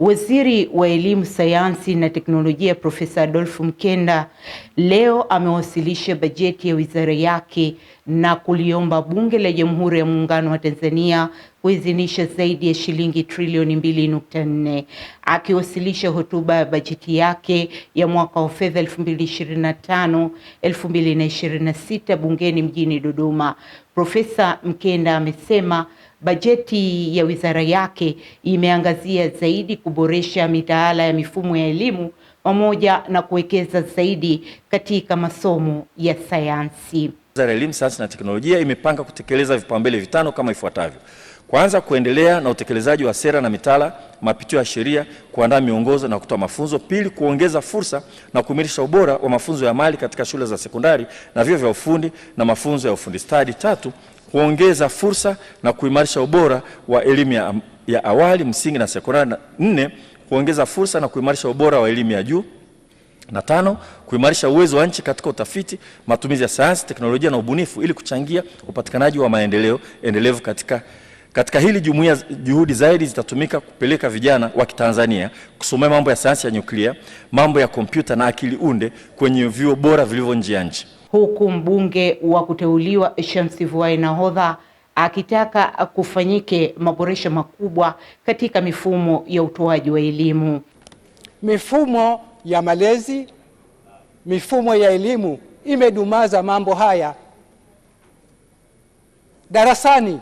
Waziri wa Elimu, Sayansi na Teknolojia Profesa adolfu Mkenda leo amewasilisha bajeti ya wizara yake na kuliomba Bunge la Jamhuri ya Muungano wa Tanzania kuidhinisha zaidi ya shilingi trilioni 2.4. Akiwasilisha hotuba ya bajeti yake ya mwaka wa fedha 2025/2026 bungeni mjini Dodoma, Profesa Mkenda amesema bajeti ya wizara yake imeangazia zaidi kuboresha mitaala ya mifumo ya elimu pamoja na kuwekeza zaidi katika masomo ya sayansi. Wizara ya Elimu, Sayansi na Teknolojia imepanga kutekeleza vipaumbele vitano kama ifuatavyo: kwanza, kuendelea na utekelezaji wa sera na mitaala, mapitio ya sheria, kuandaa miongozo na kutoa mafunzo. Pili, kuongeza fursa na kuimarisha ubora wa mafunzo ya mali katika shule za sekondari na vyuo vya ufundi na mafunzo ya ufundi stadi. Tatu, kuongeza fursa na kuimarisha ubora wa elimu ya, ya awali, msingi na sekondari. Nne, kuongeza fursa na kuimarisha ubora wa elimu ya juu na tano, kuimarisha uwezo wa nchi katika utafiti, matumizi ya sayansi, teknolojia na ubunifu ili kuchangia upatikanaji wa maendeleo endelevu katika katika hili jumuiya, juhudi zaidi zitatumika kupeleka vijana wa Kitanzania kusomea mambo ya sayansi ya nyuklia, mambo ya kompyuta na akili unde kwenye vyuo bora vilivyo nje ya nchi huku mbunge wa kuteuliwa Shamsivuai Nahodha akitaka kufanyike maboresho makubwa katika mifumo ya utoaji wa elimu. Mifumo ya malezi, mifumo ya elimu imedumaza mambo haya. Darasani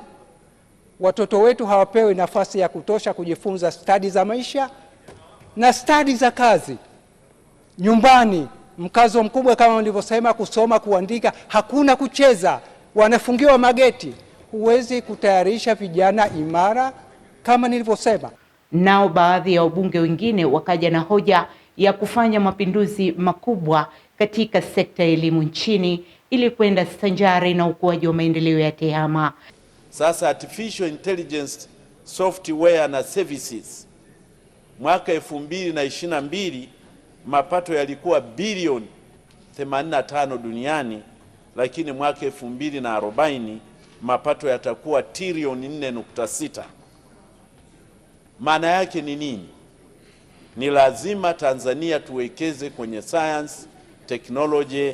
watoto wetu hawapewi nafasi ya kutosha kujifunza stadi za maisha na stadi za kazi. Nyumbani mkazo mkubwa kama nilivyosema, kusoma, kuandika, hakuna kucheza, wanafungiwa mageti. Huwezi kutayarisha vijana imara kama nilivyosema. Nao baadhi ya wabunge wengine wakaja na hoja ya kufanya mapinduzi makubwa katika sekta ya elimu nchini ili kwenda sanjari na ukuaji wa maendeleo ya TEHAMA. Sasa artificial intelligence software na services mwaka 2022 mapato yalikuwa bilioni 85 duniani, lakini mwaka arobaini mapato yatakuwa trilioni 4.6. Maana yake ni nini? Ni lazima Tanzania tuwekeze kwenye science, technology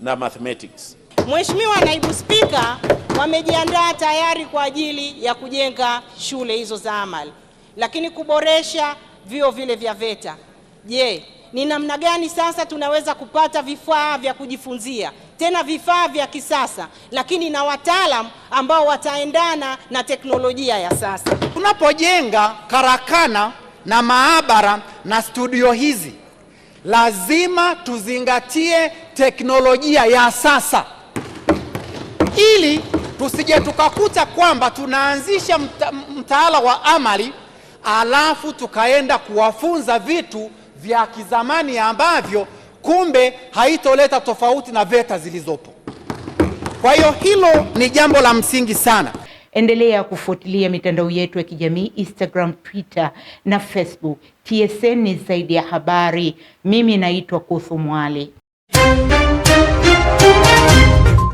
na mathematics. Mheshimiwa Naibu Spika, wamejiandaa tayari kwa ajili ya kujenga shule hizo za amali, lakini kuboresha vio vile vya VETA. Je, ni namna gani sasa tunaweza kupata vifaa vya kujifunzia, tena vifaa vya kisasa, lakini na wataalam ambao wataendana na teknolojia ya sasa. Tunapojenga karakana na maabara na studio hizi, lazima tuzingatie teknolojia ya sasa ili tusije tukakuta kwamba tunaanzisha mta, mtaala wa amali alafu tukaenda kuwafunza vitu vya kizamani ambavyo kumbe haitoleta tofauti na VETA zilizopo. Kwa hiyo hilo ni jambo la msingi sana. Endelea kufuatilia mitandao yetu ya kijamii Instagram, Twitter na Facebook. TSN ni zaidi ya habari. Mimi naitwa kuthumwali Mwali.